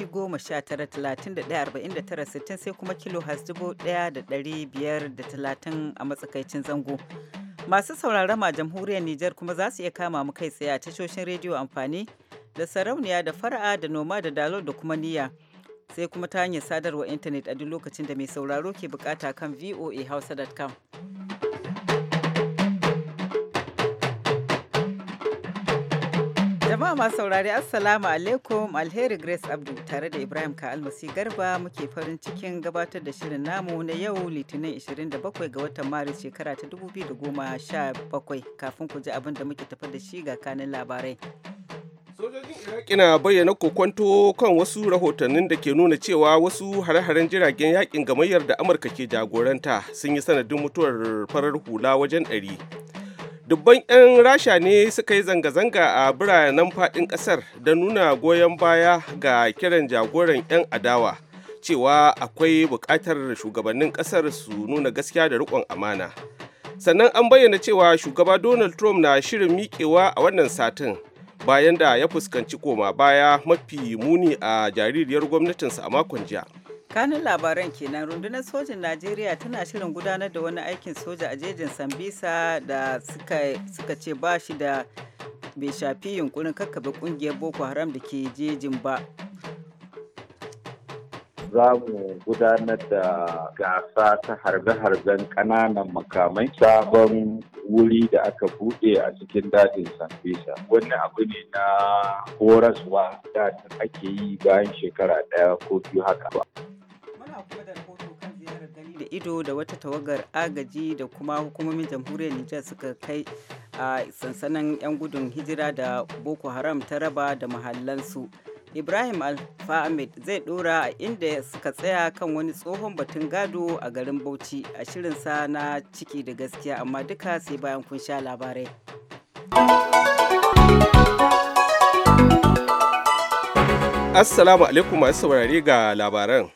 mitoci 19,31,49,60 sai kuma kilo da biyar da talatin a matsakaicin zango. Masu sauraron ma jamhuriyar Nijar kuma za su iya kama mu kai tsaye a tashoshin rediyo amfani da sarauniya da fara'a da noma da dalo da kuma niyya. Sai kuma ta hanyar sadarwa intanet a duk lokacin da mai sauraro ke bukata kan voahausa.com. Jama'a masu saurari Assalamu alaikum Alheri Grace Abdul tare da Ibrahim almasi Garba muke farin cikin gabatar da shirin namu na yau Litinin 27 ga watan Maris shekara ta 2017 kafin ku ji abin da muke tafa da shi ga kanin labarai. Sojojin Iraki na bayyana kokwanto kan wasu rahotannin da ke nuna cewa wasu hare-haren jiragen yakin gamayyar da Amurka ke jagoranta sun yi sanadin mutuwar farar hula wajen ɗari. dubban 'yan rasha ne suka yi zanga-zanga a biranen faɗin ƙasar da nuna goyon baya ga kiran jagoran 'yan adawa cewa akwai buƙatar shugabannin ƙasar su nuna gaskiya da riƙon amana sannan an bayyana cewa shugaba donald trump na shirin miƙewa a wannan satin bayan da ya fuskanci koma baya mafi muni a jaririyar gwamnatinsa a makon jiya. kanin labaran kenan rundunar sojin najeriya tana shirin gudanar da wani aikin soja a jejin sambisa da suka ce ba shi da bai shafi yunkurin kakkaɓe kungiyar boko haram da ke jejin ba za mu gudanar da gasa ta harbe-harben ƙananan makamai sabon wuri da aka buɗe a cikin dajin sanfisa wani abu ne na horaswa da ake yi bayan shekara ɗaya ko biyu haka ido da wata tawagar agaji da kuma hukumomin jamhuriyar Nijar suka kai a sansanin 'yan gudun hijira da Boko Haram ta raba da mahallansu. Ibrahim Alfa Ahmed zai dora inda suka tsaya kan wani tsohon batun gado a garin Bauchi a shirin sa na ciki da gaskiya amma duka sai bayan kun sha labarai. Assalamu alaikum masu saurare ga labaran.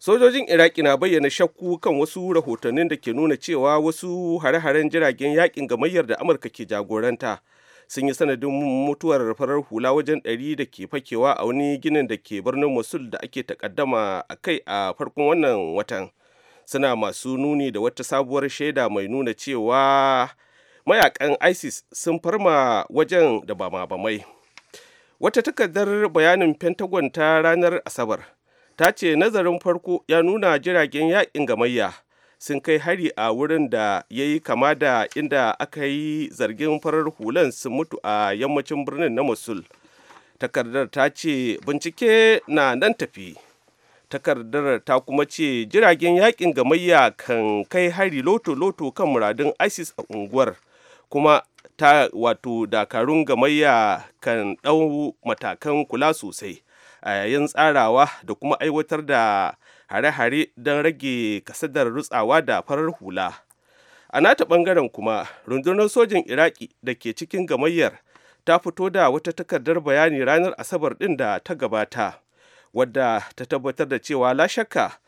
sojojin iraki na bayyana shakku kan wasu rahotannin da ke nuna cewa wasu hare-haren jiragen yakin gamayyar da amurka ke jagoranta sun yi sanadin mutuwar farar hula wajen ɗari da ke fakewa a wani ginin da ke birnin mosul da ake takaddama a kai a farkon wannan watan suna masu nuni da wata sabuwar shaida mai nuna cewa mayakan isis sun farma wajen da ba ma mai wata takardar bayanin pentagon ta ranar asabar ta ce nazarin farko ya nuna jiragen yaƙin gamayya sun kai hari a wurin da ya yi kama da inda aka yi zargin farar hulan sun mutu a yammacin birnin na mosul takardar ta ce bincike na nan tafi takardar ta kuma ce jiragen yaƙin gamayya kan kai hari loto-loto kan muradun isis a unguwar kuma ta wato dakarun gamayya kan ɗau matakan kula sosai a yayin tsarawa da kuma aiwatar da hare-hare don rage kasadar rutsawa da farar hula a nata bangaren kuma rundunar sojin iraki da ke cikin gamayyar ta fito da wata takardar bayani ranar asabar ɗin da ta gabata wadda ta tabbatar da cewa la shakka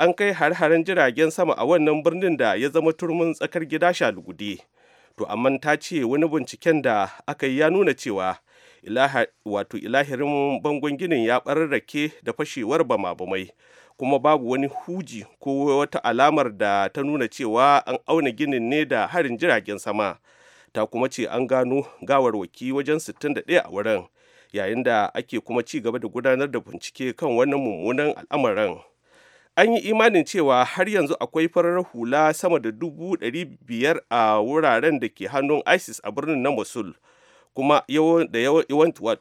an kai har-haren jiragen sama a wannan birnin da ya zama turmin tsakar gida shalugude to amma ta ce wani binciken da aka yi ya nuna cewa ilahirin bangon ginin ya ɓararrake da fashewar bama-bamai kuma babu wani huji ko wata alamar da ta nuna cewa an auna ginin ne da harin jiragen sama ta kuma ce an gano gawarwaki wajen 61 a wurin yayin da ake kuma ci gaba da gudanar da bincike kan wannan mummunan al'amarin an yi imanin cewa har yanzu akwai farar hula sama da dubu biyar a wuraren da ke hannun isis a birnin na mosul kuma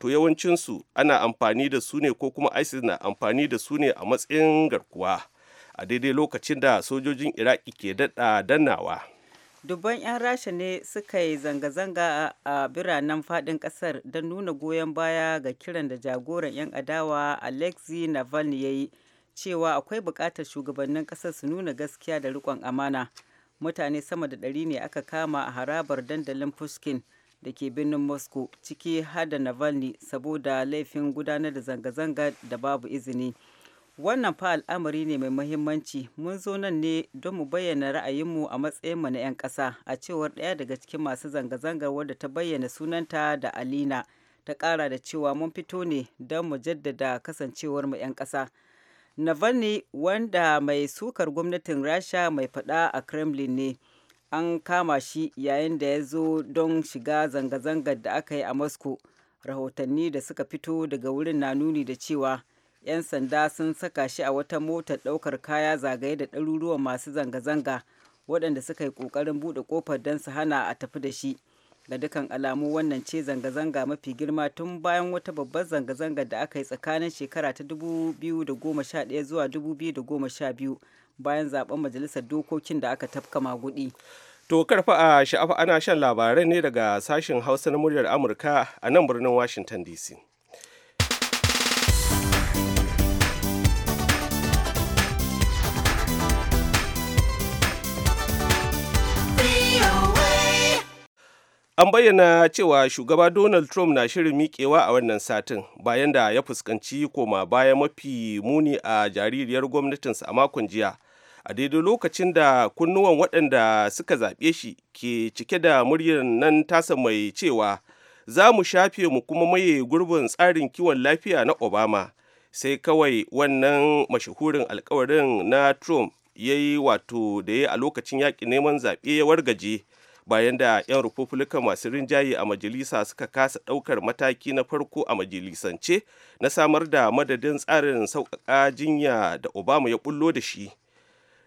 yawancinsu ana amfani da su ne ko kuma isis na amfani da su ne a matsayin garkuwa a daidai lokacin da sojojin iraki ke daɗa dannawa dubban 'yan rasha ne suka yi zanga-zanga a biranen fadin kasar don nuna goyon baya ga kiran da jagoran 'yan adawa alexei navalny ya yi cewa akwai bukatar shugabannin ƙasar su nuna gaskiya da rikon amana mutane sama da ɗari ne aka kama a harabar dandalin fuskin. da ke birnin moscow ciki har da navalny saboda laifin gudanar da zanga-zanga da babu izini wannan fa al'amari ne mai mahimmanci mun zo nan ne don mu bayyana ra'ayinmu a matsayinmu na 'yan ƙasa a cewar ɗaya daga cikin masu zanga-zangar wadda ta bayyana sunanta da alina ta ƙara da cewa mun fito ne don mu jaddada kasancewar mu 'yan ƙasa navalny wanda mai sukar gwamnatin rasha mai faɗa a kremlin ne an kama shi yayin da ya zo don shiga zanga-zangar da aka yi a moscow rahotanni da suka fito daga wurin na nuni da cewa 'yan sanda sun saka shi a wata motar ɗaukar kaya zagaye da ɗaruruwan masu zanga-zanga waɗanda suka yi ƙoƙarin buɗe ƙofar don su hana a tafi da shi ga dukan alamu wannan ce zanga-zanga mafi girma tun bayan wata babbar zanga-zangar da aka yi tsakanin shekara ta 2011 zuwa 2012 bayan zaben majalisar dokokin da aka tafka magudi. To karfa a sha'afa ana shan labarai ne daga sashen Hausa na muryar Amurka a nan birnin Washington DC. an bayyana cewa shugaba donald trump na shirin miƙewa a wannan satin bayan da ya fuskanci koma baya mafi muni a jaririyar gwamnatinsa a makon jiya a daidai lokacin da kunnuwan waɗanda suka zaɓe shi ke cike da muryar nan tasa mai cewa za mu shafe mu kuma maye gurbin tsarin kiwon lafiya na obama sai kawai wannan mashahurin alkawarin na trump ya yi wato da ya a lokacin yaƙi neman zaɓe ya wargaje bayan da 'yan republican masu rinjaye a majalisa suka kasa ɗaukar mataki na farko a majalisance na samar da madadin tsarin sauƙaƙa jinya da obama ya bullo da shi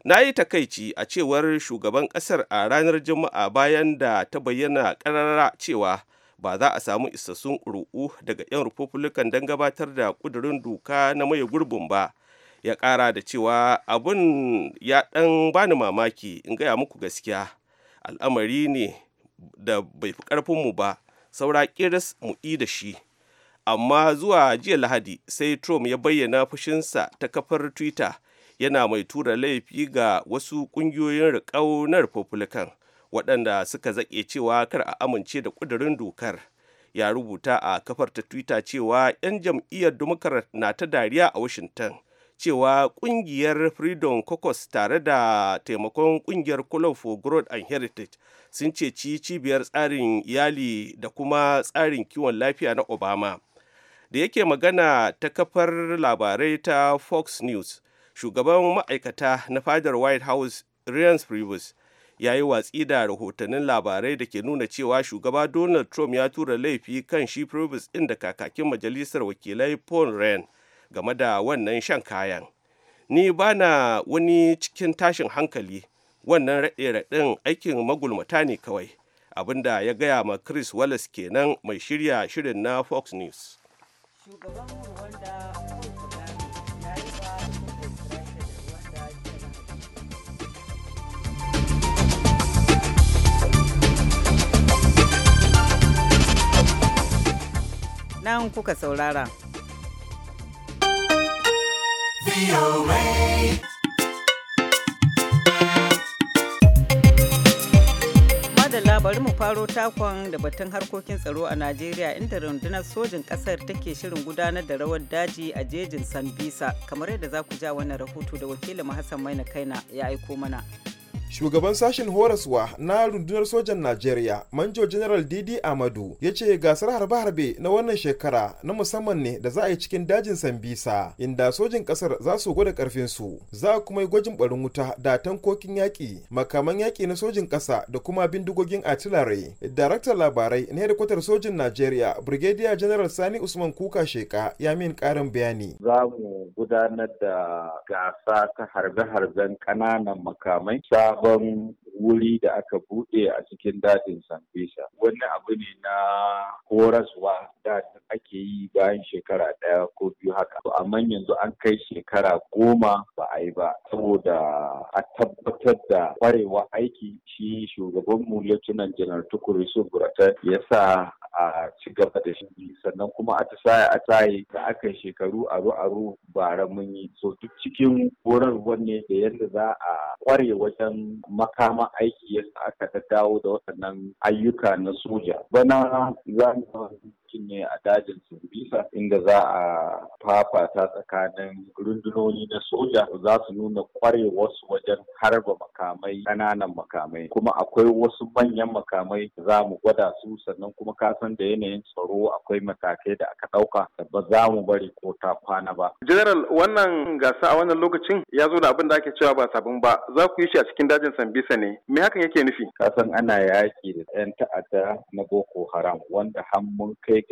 na yi takaici a cewar shugaban ƙasar a ranar juma'a bayan da ta bayyana ƙarara cewa ba za a samu isassun ƙuri'u daga 'yan republican don gabatar da ƙudurin doka na maye gurbin ba ya ƙara da cewa abun ya ɗan bani mamaki in gaya muku gaskiya al'amari ne da bai fi ƙarfinmu ba saura kiris mu yi da shi amma zuwa jiya lahadi sai trump ya bayyana fushinsa ta kafar twitter yana mai tura laifi ga wasu ƙungiyoyin riƙau na republican waɗanda suka zaƙe cewa kar a amince da ƙudurin dokar ya rubuta a kafar ta twitter cewa 'yan jam'iyyar democrat na ta dariya a washington cewa kungiyar freedom caucus tare da taimakon kungiyar club for growth and heritage sun ceci cibiyar tsarin iyali da kuma tsarin kiwon lafiya na obama da yake magana ta kafar labarai ta fox news shugaban ma'aikata na fadar white house ryan Priebus ya yi watsi da rahotannin labarai da ke nuna cewa shugaba donald trump ya tura laifi kan shi previous ɗin da kakakin majalisar wakilai paul ryan game da wannan shan kayan ni ba na wani cikin tashin hankali wannan raɗe-raɗin aikin magulmata ne kawai abinda ya gaya ma chris wallace kenan mai shirya shirin na fox news nan kuka saurara. Madalla bari mu faro takon da batun harkokin tsaro a Najeriya inda rundunar sojin kasar take shirin gudanar da rawar daji a jejin Sambisa kamar yadda za ku ja wannan rahoto da wakilin Hassan Maina Kaina ya aiko mana. shugaban sashen horaswa na rundunar sojan najeriya manjo general didi amadu ya ce gasar harbe-harbe na wannan shekara na musamman ne da za a yi cikin dajin sambisa inda sojin kasar za su gwada karfinsu za a kuma yi gwajin barin wuta da tankokin yaƙi makaman yaƙi na sojin ƙasa da kuma bindigogin artillery daraktan labarai na hedikwatar sojin najeriya brigadier general sani usman kuka sheka ya min karin bayani za mu gudanar da gasa ta harbe-harben ƙananan makamai sabon wuri da aka buɗe a cikin dajin Sanfesa. Wani abu ne na horaswa da ake yi bayan shekara ɗaya ko biyu haka to amma yanzu an kai shekara goma ba a yi ba saboda a tabbatar da kwarewa aiki shi shugabanmu Lieutenant General Tukuri Suburata ya sa a ci gaba da shi sannan kuma a ta tasaye a taye da aka shekaru aro aro bara mun yi so duk cikin horar wanne da yadda za a kware wajen makaman aiki yadda aka dawo da waɗannan ayyuka na soja bana za lokacin ne a dajin Sumbisa inda za a fafata tsakanin rundunoni na soja za su nuna kwarewarsu wajen harba makamai ƙananan makamai kuma akwai wasu manyan makamai za mu gwada su sannan kuma kasan da yanayin tsaro akwai matakai da aka ɗauka da ba za mu bari ko ta kwana ba. General wannan gasa a wannan lokacin ya zo da abin da ake cewa ba sabon ba za ku yi shi a cikin dajin Sambisa ne me hakan yake nufi? Kasan ana yaki da 'yan ta'adda na Boko Haram wanda har mun kai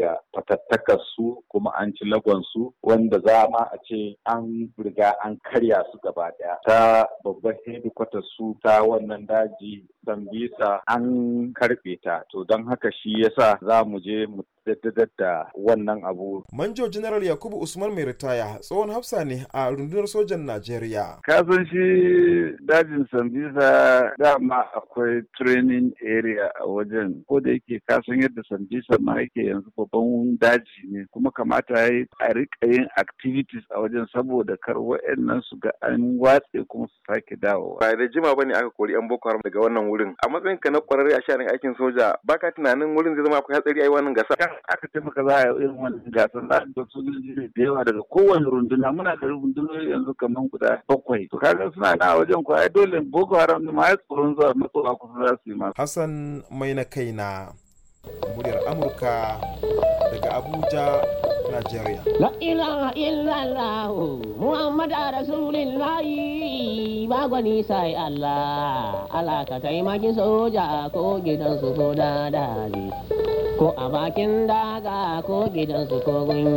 daga su kuma an ci lagonsu wanda za ma a ce an riga an karya su gaba daya ta babbar hedikwatar su ta wannan daji Sambisa an karɓe ta. To don haka shi yasa za mu je mu daddadar da wannan abu. Manjo General Yakubu Usman mai ritaya tsohon hafsa ne a rundunar sojan Najeriya. Kasan shi dajin Sambisa dama akwai training area a wajen ko da yake ka san yadda Sambisa ma yake yanzu babban daji ne kuma kamata ya yi a rika yin activities a wajen saboda kar wa'annan su ga an watse kuma su sake dawowa. Ba da jima ne aka kori 'yan Boko Haram daga wannan wurin a matsayin ka na kwararre a sharin aikin soja baka tunanin wurin zai zama akwai hatsari a yi wannan gasa kan aka taimaka ka za a yi irin wannan gasa za a ga sojoji ne da yawa daga kowane runduna muna da rundunoni yanzu kamar guda bakwai to kaga suna na wajen ko ai dole boko haram ne ma ya tsoron zuwa matsowa kusa za su yi ma Hassan mai na kaina muryar Amurka daga Abuja Najeriya. La ilaha illallah Muhammad Rasulullah ba gwani sai Allah Allah ka taimaki soja ko gidan su ko dadali ko a bakin daga ko gidan su ko gun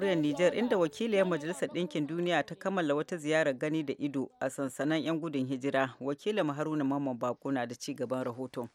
jamhuriyar Nijar inda wakiliyar Majalisar Ɗinkin Duniya ta kammala wata ziyarar gani da ido a sansanan 'yan gudun hijira. Wakilin Haruna Mamman Bakuna na da ci gaban rahoton.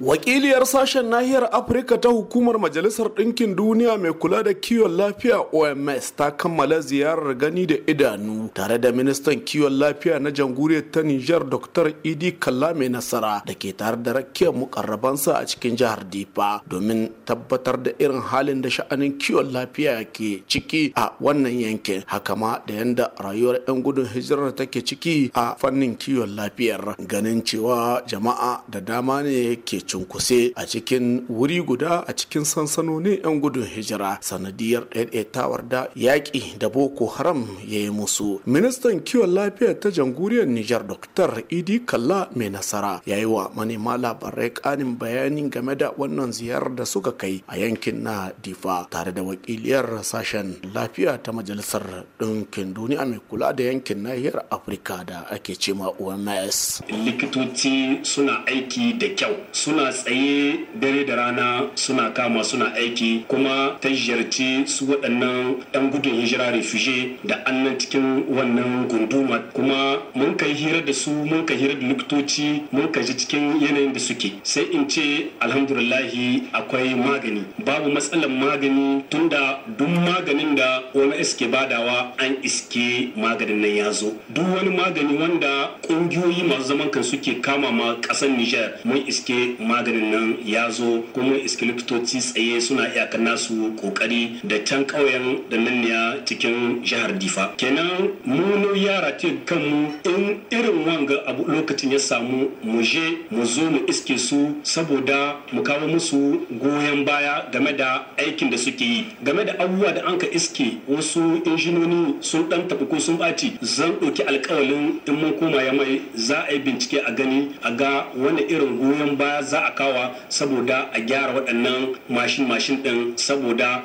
Wakiliyar sashen nahiyar Afirka ta hukumar Majalisar Ɗinkin Duniya mai kula da kiwon lafiya OMS ta kammala ziyarar gani da idanu tare da ministan kiwon lafiya na jamhuriyar ta Nijar Dr. Idi Kallame Nasara da ke tare da rakiyar mukarrabansa a cikin jihar Difa domin tabbatar da irin halin da sha'anin kiwon lafiya ke ciki a wannan yankin haka ma da yanda rayuwar 'yan gudun hijirar take ciki a fannin kiwon lafiyar ganin cewa jama'a da dama ne ke cunkuse a cikin wuri guda a cikin sansanonin 'yan gudun hijira sanadiyar ɗaiɗaitawar da yaƙi da boko haram ya yi musu ministan kiwon lafiya ta jamhuriyar nijar dr idi kalla mai nasara ya yi wa manema labarai ƙanin bayanin game da wannan ziyarar da suka kai a yankin na difa tare da wakiliyar sashen lafiya ta majalisar ɗinkin duniya mai kula da yankin nahiyar afirka da ake cema oms likitoci suna aiki da kyau suna suna tsaye dare da rana suna kama suna aiki kuma ta ziyarci su waɗannan 'yan gudun hijira refuge da annan cikin wannan gunduma kuma mun kai hira da su mun kai hira da likitoci mun kai cikin yanayin da suke sai in ce alhamdulillahi akwai magani babu matsalan magani tunda duk maganin da wani ke badawa an iske maganin nan ya zo duk wani magani wanda ƙungiyoyi masu zaman kan suke kama ma ƙasar Nijar mun iske maganin nan ya zo kuma iski likitoci tsaye suna iyakar nasu kokari da can ƙauyen da ya cikin jihar difa kenan mu yara ce kanmu in irin wanga abu lokacin ya samu mu je mu zo mu iske su saboda mu kawo musu goyon baya game da aikin da suke yi game da abubuwa da an ka iske wasu injinoni sun dan tafi ko sun ɓaci zan ɗauki alkawalin in mun koma ya mai za a yi bincike a gani a ga wani irin goyon baya za za a kawa saboda a gyara waɗannan mashin-mashin ɗin saboda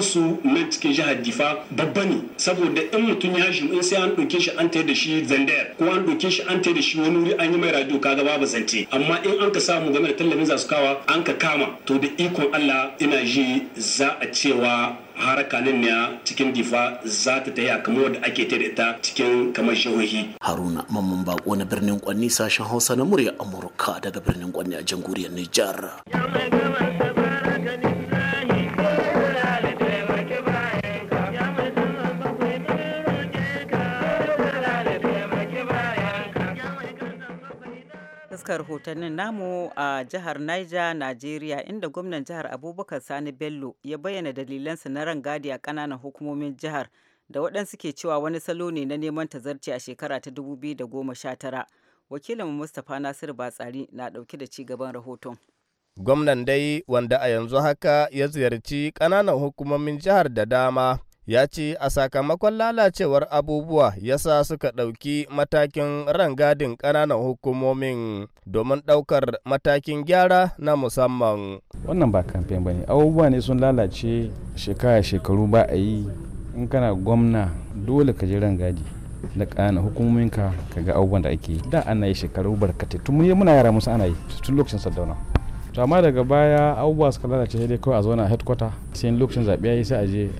su na cikin jihar difa babba ne saboda in mutum ya shi in sai an ɗauke shi an da shi zandayar ko an ɗauke shi an tayar da shi wani wuri an yi mai radio kaga babu zance amma in an ka samu game da tallafin za su kawa an ka kama to da ikon Allah ina ji za a cewa harakanin ne cikin difa za ta a kamar wadda ake ta da ita cikin kamar shahohi. Haruna Mamman Bako na birnin Kwanni sashen Hausa na murya Amurka daga birnin Kwanni a jamhuriyar Nijar. taskar hotonnin namu a jihar Niger, Najeriya, inda gwamnan jihar Abubakar Sani Bello ya bayyana dalilansa na rangadi a kananan hukumomin jihar da waɗansu ke cewa wani salo ne na neman tazarci a shekara ta 2019. Wakilin Mustapha Nasiru Batsari na ɗauke da ci gaban rahoton. Gwamnan dai wanda a yanzu haka ya ziyarci ƙananan hukumomin jihar da dama ya ce a sakamakon lalacewar abubuwa ya sa suka ɗauki matakin rangadin ƙananan hukumomin domin ɗaukar matakin gyara na musamman. Wannan ba kamfen ba ne, abubuwa ne sun lalace shekara shekaru ba a yi in kana gwamna dole ka je rangadi. da ƙananan hukumomin ka ga abubuwan da ake da ana yi shekaru barkatai tun muna yara musu ana yi tun lokacin sardauna to amma daga baya abubuwa suka lalace sai dai kawai a zauna headquarter sai lokacin zaɓe ya yi sai a je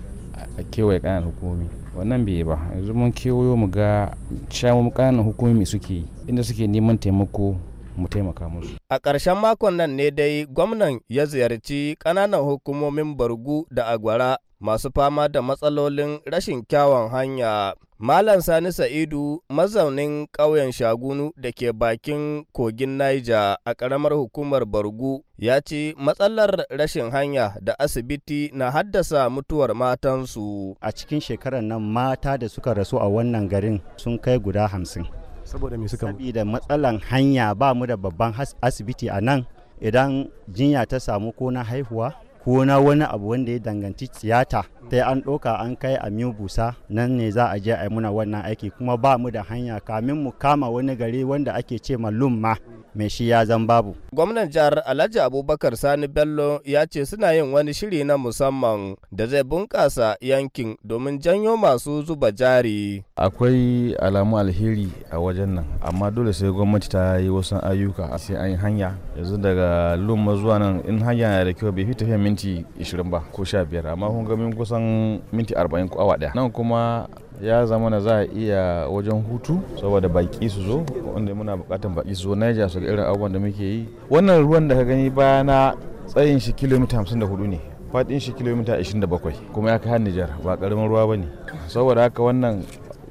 a kewaye kanan hukumomi wannan bai ba yanzu mun kewayo mu ga shawo kanan hukumomi suke inda suke neman taimako mu taimaka musu. A ƙarshen makon nan ne dai gwamnan ya ziyarci ƙananan hukumomin Bargu da Agwara masu fama da matsalolin rashin kyawun hanya. Malam Sani Sa'idu mazaunin ƙauyen Shagunu da ke bakin kogin Niger a ƙaramar hukumar Bargu ya ce matsalar rashin hanya da asibiti na haddasa mutuwar matansu. A cikin shekarar nan mata da suka rasu a wannan garin sun kai guda hamsin. saboda me suka saboda matsalan hanya ba mu da babban asibiti a nan idan jinya ta samu ko na haihuwa ko na wani abu wanda ya danganci tiyata ta an ɗauka an kai a busa nan ne za a je a yi muna wannan aiki kuma ba mu da hanya kamin mu kama wani gari wanda ake ce lumma mai shi ya zan babu. Gwamnan jihar Alhaji Abubakar Sani Bello ya ce suna yin wani shiri na musamman da zai bunƙasa yankin domin janyo masu zuba jari. Akwai alamu alheri a wajen nan, amma dole sai gwamnati ta yi wasu ayyuka sai an yi hanya. Yanzu daga lumma zuwa nan in hanya na da kyau bai fi tafiya minti 20 ba ko 15 amma kun ga min kusan kusan minti 40 ko awa daya nan kuma ya zama na za a iya wajen hutu saboda baki su zo wanda muna bukatan baki su zo Niger su ga irin abubuwan da muke yi wannan ruwan da ka gani bayana tsayin shi kilomita 54 ne faɗin shi kilomita 27 kuma ya kai nijar ba karamin ruwa bane saboda haka wannan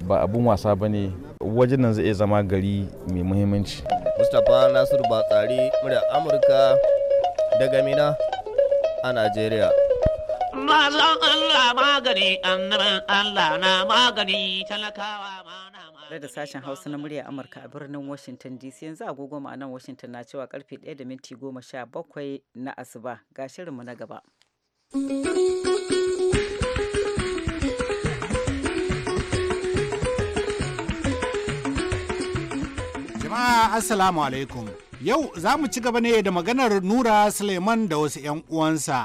ba abun wasa bane wajen nan zai iya zama gari mai muhimmanci Mustapha Nasiru Batsari murya Amurka daga Mina a Najeriya mazan Allah magani annaban Allah na magani talakawa ma na da sashen hausa na murya amurka a birnin washington dc yanzu agogo ma'anan washington na cewa karfe 1 da minti 17 na asuba ga shirinmu na gaba jama'a assalamu alaikum yau za mu ci gaba ne da maganar nura suleiman da wasu 'yan uwansa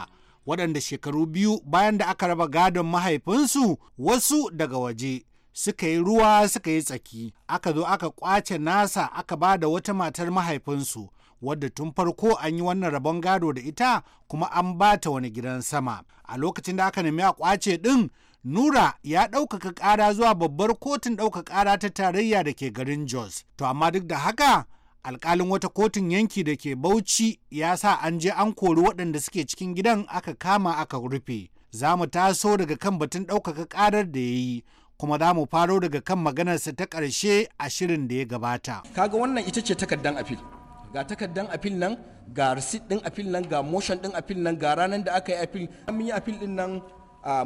waɗanda shekaru biyu bayan da aka raba gadon mahaifinsu wasu daga waje suka yi ruwa suka yi tsaki aka zo aka kwace nasa aka ba da wata matar mahaifinsu wadda tun farko an yi wannan rabon gado da ita kuma an ba ta wani gidan sama a lokacin da aka nemi a kwace ɗin Nura ya ɗaukaka ƙara zuwa babbar kotun ɗaukaka ƙara ta tarayya da ke garin Jos. To amma duk da haka alkalin wata kotun yanki da ke bauchi ya sa an je an kori waɗanda suke cikin gidan aka kama aka rufe za mu taso daga kan batun ɗaukaka ƙarar da ya yi kuma za mu faro daga kan maganarsa ta ƙarshe a shirin da ya gabata kaga wannan ita ce takardar afil ga takardar afil nan ga receipt ɗin afil nan ga motion ɗin afil nan ga ranar da aka yi afil an yi afil ɗin nan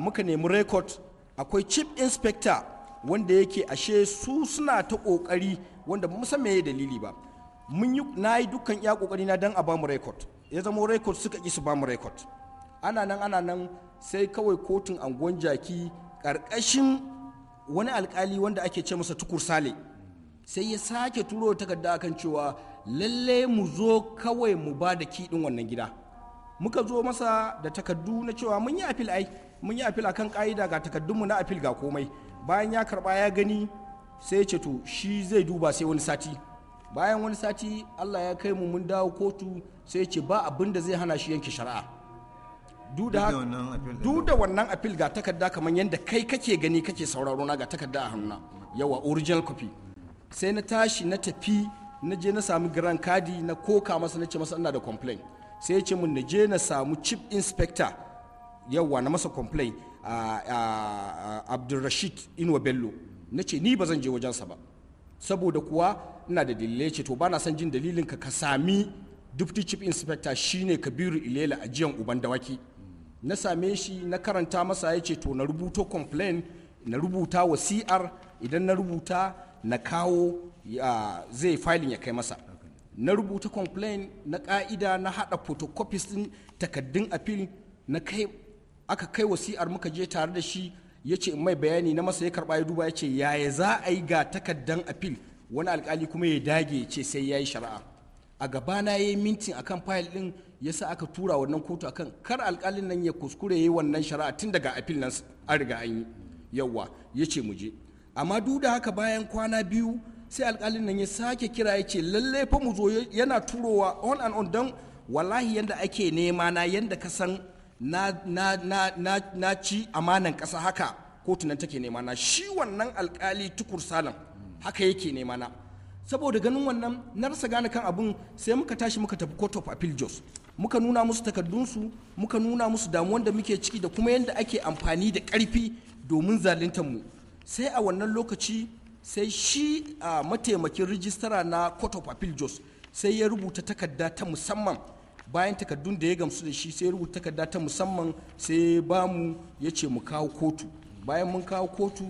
muka nemi record akwai chief inspector wanda yake ashe su suna ta kokari wanda ba mu san yi dalili ba mun yi na yi dukkan iya kokari na dan a ba mu record ya zama record suka ki su ba mu record ana nan ana nan sai kawai kotun anguwan jaki karkashin wani alkali wanda ake ce masa tukur sale sai ya sake turo takarda akan cewa lalle mu zo kawai mu ba da din wannan gida muka zo masa da takardu na cewa mun yi afil ai mun yi afil akan ka'ida ga takardunmu na afil ga komai bayan ya karba ya gani sai ya ce to shi zai duba sai wani sati bayan wani sati allah ya kai mu mun dawo kotu sai ce ba abin da zai hana shi yanke shari'a duk da wannan appeal ga takarda kamar yadda kai kake gani kake sauraro na ga takarda a hannuna yawa original copy sai na tashi na tafi na je na sami grand kadi na koka masa na ce masa ina da complain sai ya ce mun na je na samu chief inspector yawa na masa complain a abdulrashid inuwa bello na ce ni ba zan je wajensa ba saboda kuwa ina da dalilai ce to ba na son jin dalilin ka ka sami deputy chief inspector shine kabiru ilela a jiyan uban dawaki na same shi na karanta masa ya ce to na rubuto complain na rubuta wa cr idan na rubuta na kawo zai filin ya kai masa na rubuta complain na ka'ida na hada photocopies din takaddun appeal na kai aka kai wa cr muka je tare da shi ya ce mai bayani na masa ya karba ya duba ya ce yaya za a yi ga takaddan apil wani alkali kuma ya dage ce sai ya yi shari'a a gabana ya yi mintin akan fayil din ya sa aka tura wannan kotu akan kar alkalin nan ya kuskure ya yi wannan shari'a tun daga apil nan an riga an yi yawwa ya ce mu je amma duk da haka bayan kwana biyu sai alkalin nan ya sake kira ya ce lallai fa mu zo yana turowa on and on don wallahi yanda ake nema na yanda ka san na ci amanan ƙasa haka kotu nan take nema na shi wannan alkali tukur salam haka yake nema na saboda ganin wannan na rasa gane kan abun sai muka tashi muka tafi court of appeal jos muka nuna musu takardunsu muka nuna musu damuwan da muke ciki da kuma yadda ake amfani da karfi domin zaluntar mu sai a wannan lokaci sai shi a ah, mataimakin rijistara na court of appeal jos sai ya rubuta takarda ta musamman bayan takardun da ya gamsu da shi sai rubuta takarda ta musamman sai ba mu ya ce mu kawo kotu bayan mun kawo kotu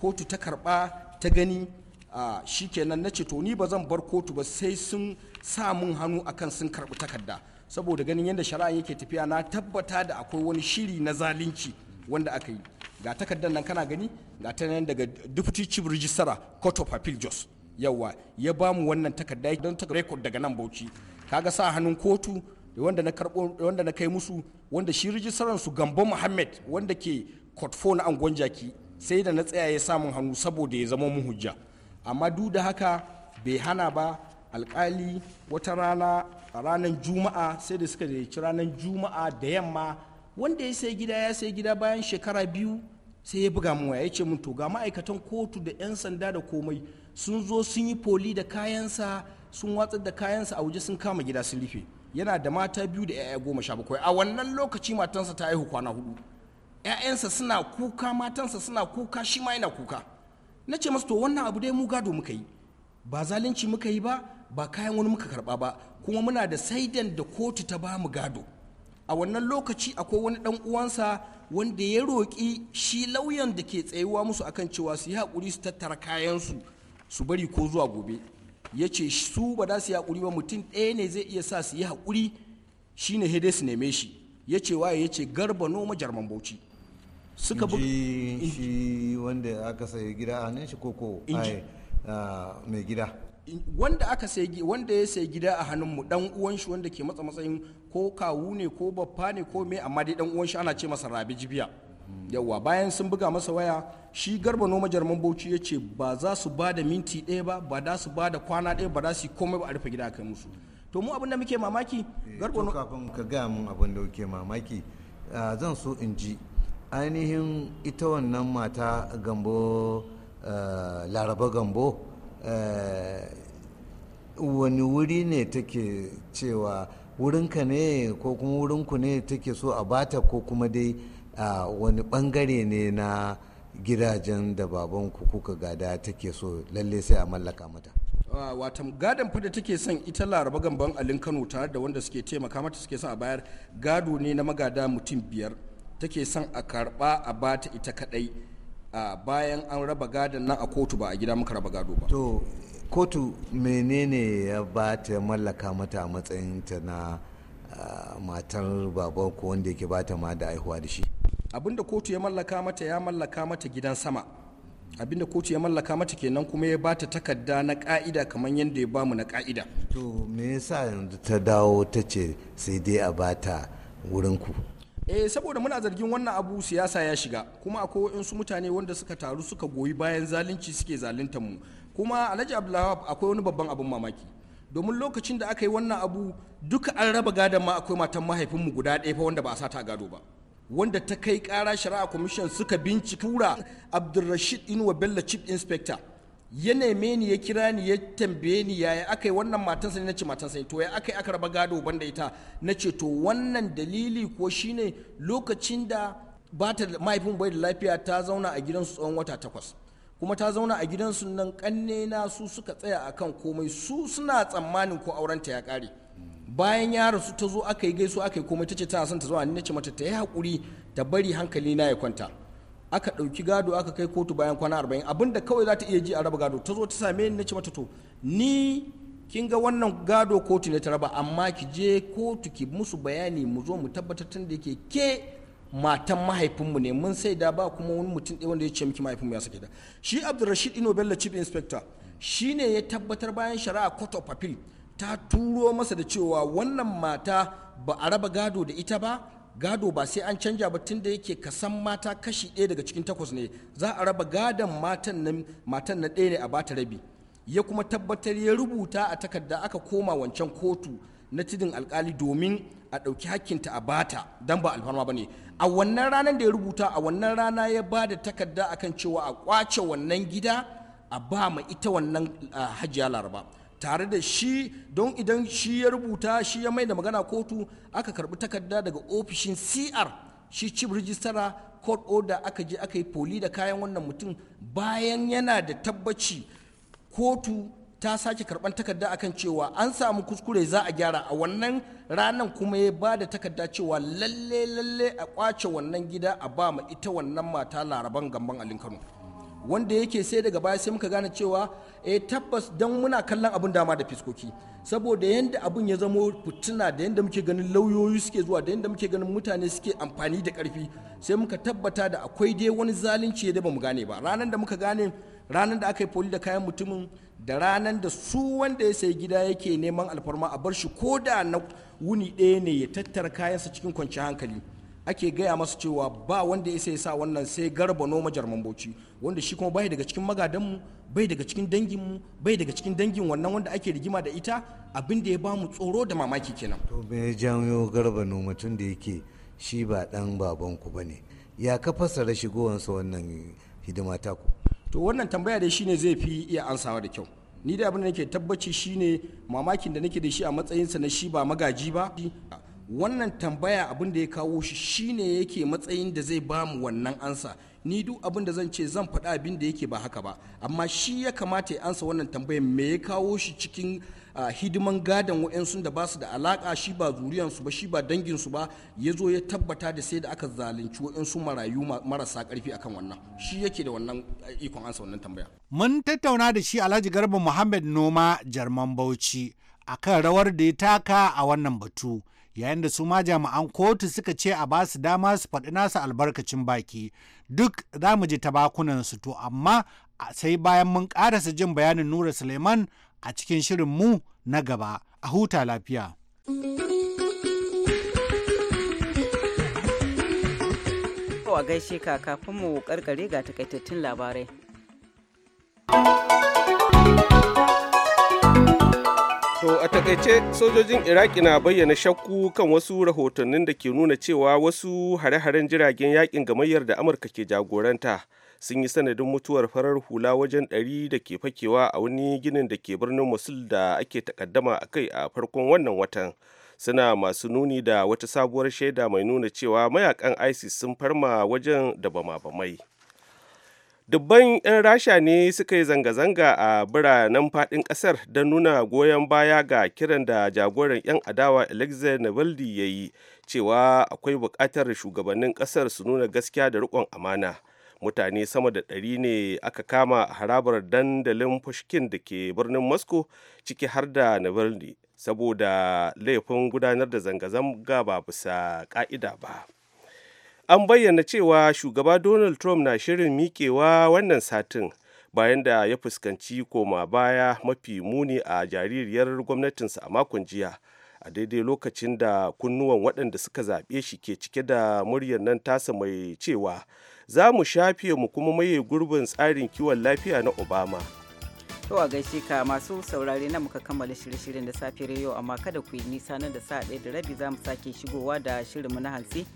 kotu ta karba ta gani a kenan na ce to ni ba zan bar kotu ba sai sun sa mun hannu akan sun karbi takarda saboda ganin yadda shari'a yake tafiya na tabbata da akwai wani shiri na zalunci wanda aka yi ga takardar nan kana gani ga ta nan daga deputy chief registrar court of appeal jos yawa ya bamu wannan takarda don ta record daga nan bauchi kaga sa hannun kotu wanda na wanda na kai musu wanda shi rijistaran su gambo muhammad wanda ke kotfo na angon jaki sai da na tsaya ya samun hannu saboda ya zama mu hujja amma duk da haka bai hana ba alkali wata rana ranar juma'a sai da suka ci ranar juma'a da yamma wanda ya sai gida ya sai gida bayan shekara biyu sai ya buga mun ya ce mun to ga ma'aikatan kotu da 'yan sanda da komai sun zo sun yi foli da kayansa sun watsar da kayansa a waje sun kama gida sun rufe yana da mata biyu da 'ya'ya goma sha bakwai a wannan lokaci matansa ta haihu kwana hudu 'ya'yansa suna kuka matansa suna kuka shi ma yana kuka na ce masu to wannan abu dai mu gado muka yi ba zalunci muka yi ba ba kayan wani muka karba ba kuma muna da saidan da kotu ta ba mu gado a wannan lokaci akwai wani dan uwansa wanda ya roƙi shi lauyan da ke tsayuwa musu akan cewa su yi haƙuri su tattara kayansu su bari ko zuwa gobe ya ce su ba za su yi haƙuri ba mutum ɗaya ne zai iya sa su yi haƙuri shi ne hede su neme shi ya ce waye ya ce garba noma jarman bauchi suka bu shi wanda aka sayi gida a hannun shi koko mai gida wanda aka sayi wanda ya sayi gida a hannun mu dan uwan shi wanda ke matsa matsayin ko kawu ne ko baffa ne ko me amma dai dan uwan shi ana ce masa rabi jibiya yawwa bayan sun buga masa waya shi garba noma jarman bauchi ya ce ba za su ba da minti ɗaya ba ba za su ba da kwana ɗaya ba za su yi komai ba a rufe gida kai musu to mu abin da muke mamaki eh, garba noma kafin ka gaya mun abin da muke mamaki zan so in ji ainihin ita wannan mata gambo laraba gambo wani wuri ne take cewa wurinka ne ko kuma wurinku ne take so a bata ko kuma dai a wani bangare ne na gidajen da babanku kuka gada take so lalle sai a mallaka mata wata gadon fa da take son ita laraba gamban alin kano tare da wanda suke taimaka mata suke son a bayar gado ne na magada mutum biyar take son a karba a bata ita kadai bayan an raba gadon nan a kotu ba a gida muka raba gado ba to kotu menene ya ba ta mallaka mata a matsayinta na matar baban ko wanda yake ba ta ma da aihuwa da shi abinda kotu ya mallaka mata ya mallaka mata gidan sama abinda kotu ya mallaka mata kenan kuma ya bata takarda na ka'ida kamar yadda ya bamu na ka'ida to me yasa yanzu ta dawo ta ce sai dai a bata wurin ku eh saboda muna zargin wannan abu siyasa ya shiga kuma akwai waɗansu mutane wanda suka taru suka goyi bayan zalunci suke zaluntar mu kuma alhaji abdullahi akwai wani babban abin mamaki domin lokacin da aka yi wannan abu duka an raba gadon ma akwai matan mahaifinmu guda ɗaya fa wanda ba a sata gado ba wanda ta kai kara shari'a commission suka bincikura abdulrashid inuwa bello chief inspector ya neme ni ya kira ni ya tambaye ni yaya aka yi wannan matansa ne na ce matansa ne to ya aka yi aka raba gado banda ita na ce to wannan dalili ko shine lokacin da ba ta mahaifin bai da lafiya ta zauna a gidansu tsawon wata takwas kuma ta zauna a gidansu nan kanne na su suka tsaya akan komai su suna tsammanin ko aurenta ya kare bayan ya rasu ta zo aka yi gaisu aka yi komai ta ce tana son ta zo ni nace mata ta yi hakuri ta bari hankali na ya kwanta aka ɗauki gado aka kai kotu bayan kwana arba'in abinda kawai za ta iya ji a raba gado ta zo ta same ni nace mata to ni kin ga wannan gado kotu ne ta raba amma ki je kotu ki musu bayani mu zo mu tabbatar tun da yake ke matan mahaifinmu ne mun sai da ba kuma wani mutum ɗaya wanda ya ce miki mahaifinmu ya sake da shi abdulrashid ino bello chief inspector ne ya tabbatar bayan shari'a court of appeal ta turo masa da cewa wannan mata ba a raba gado da ita ba gado ba sai an canja ba tun da yake kasan mata kashi ɗaya daga cikin takwas ne za a raba gadon matan na matan na ɗaya ne a bata rabi ya kuma tabbatar ya rubuta a takarda aka koma wancan kotu na tidin alkali domin a ɗauki hakkinta a bata don ba alfarma ba ne a wannan ranar da ya rubuta a wannan rana ya ba da takarda akan cewa a kwace wannan gida a ba ma ita wannan ah, hajiya laraba tare da shi don idan shi ya rubuta shi ya mai da magana kotu aka karbi takarda daga ofishin cr shi chief registrar court order aka je aka yi poli da kayan wannan mutum bayan yana da tabbaci kotu ta sake karban takarda akan cewa an samu kuskure za a gyara a wannan ranan kuma ya ba da takarda cewa lalle lalle a kwace wannan gida a ba ma ita wannan mata laraban gamban alin kano wanda yake sai daga baya sai muka gane cewa eh tabbas dan muna kallon abun dama da fiskoki saboda yanda abun ya zamo fituna da yanda muke ganin lauyoyi suke zuwa da yanda muke ganin mutane suke amfani da karfi sai muka tabbata da akwai dai wani zalunci da bamu gane ba ranan da muka gane ranan da aka yi poli da kayan mutumin da ranan da su wanda ya sayi gida yake neman alfarma a bar shi ko da na wuni ɗaya ne ya tattara kayansa cikin kwanci hankali ake gaya masu cewa ba wanda ya sa wannan sai garba noma jarman bauchi wanda shi kuma bai daga cikin magadanmu bai daga cikin danginmu bai daga cikin dangin wannan wanda ake rigima da ita abin da ya mu tsoro da mamaki kenan to me janyo garba noma tun da yake shi ba dan baban ku bane ya ka fassara shigowansa wannan hidima ku. to wannan tambaya dai shine zai fi iya ansawa da kyau ni da abin da nake tabbaci shine mamakin da nake da shi a matsayinsa na shi ba magaji ba wannan tambaya abin da ya kawo shi shine yake matsayin da zai bamu wannan ansa ni duk abin da zan ce zan faɗa abin da yake ba haka ba amma shi ya kamata ya ansa wannan tambayar me ya kawo shi cikin hidiman gadon wa'yansu da ba su da alaka shi ba zuriyansu ba shi ba danginsu ba ya zo ya tabbata da sai da aka zalunci wa'yansu marayu marasa karfi akan wannan shi yake da wannan ikon ansa wannan tambaya. mun tattauna da shi alhaji garba muhammad noma jarman bauchi akan rawar da ya taka a wannan batu. yayin da su ma jami'an kotu suka ce a ba su dama su faɗi nasu albarkacin baki duk za mu ji bakunansu to amma sai bayan mun ƙarasa jin bayanin nura suleiman a cikin shirin mu na gaba a huta lafiya. a gaishe ka kafin mu karkare ga takaitattun labarai. To a takaice sojojin Iraki na bayyana shakku kan wasu rahotannin da ke nuna cewa wasu hare-haren jiragen yakin gamayyar da Amurka ke jagoranta sun yi sanadin mutuwar farar hula wajen ɗari da ke fakewa a wani ginin da ke birnin Mosul da ake takaddama a kai a farkon wannan watan. Suna masu nuni da wata sabuwar shaida mai nuna cewa mayakan ISIS sun farma wajen da bama-bamai. dubban 'yan rasha ne suka yi zanga-zanga a biranen fadin kasar don nuna goyon baya ga kiran da jagoran 'yan adawa alexei navalny ya yi cewa akwai bukatar shugabannin kasar su nuna gaskiya da rikon amana mutane sama da ɗari ne aka kama a harabar dandalin pushkin da ke birnin moscow ciki har da navalny saboda laifin gudanar da zanga-zanga ba bisa ka'ida ba. an bayyana cewa shugaba donald trump na shirin mikewa wannan satin bayan da ya fuskanci koma baya mafi muni a jaririyar gwamnatinsa a makon jiya a daidai lokacin da kunnuwan waɗanda suka zaɓe shi ke cike da muryar nan tasa mai cewa za mu shafe mu kuma maye gurbin tsarin kiwon lafiya na obama To a gaishe ka masu saurare na muka kammala shirye-shiryen da safiyar yau amma kada ku yi nisa nan da sa ɗaya da rabi za mu sake shigowa da shirinmu na hantsi.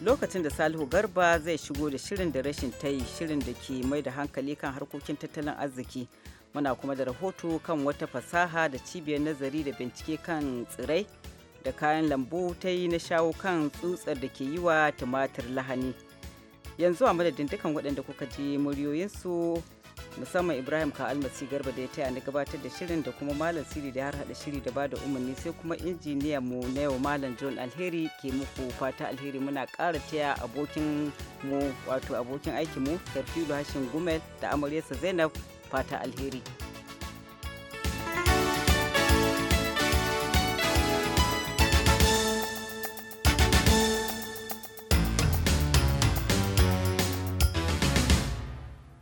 lokacin da Salihu Garba zai shigo da shirin da rashin ta yi shirin da ke mai da hankali kan harkokin tattalin arziki. Muna kuma da rahoto kan wata fasaha da cibiyar nazari da bincike kan tsirai da kayan lambu ta yi na shawo kan tsutsar da ke yi wa tumatir lahani. Yanzu a madadin dukan waɗanda kuka je muryoyinsu musamman ibrahim almasi garba da ya taya ni gabatar da shirin da kuma malam siri da har hada shiri da ba da umarni sai kuma injiniya mu na yau malam john alheri ke muku fata alheri muna kara taya abokin mu wato abokin aikin mu sarfilu hashin gumel da amaryarsa zainab fata alheri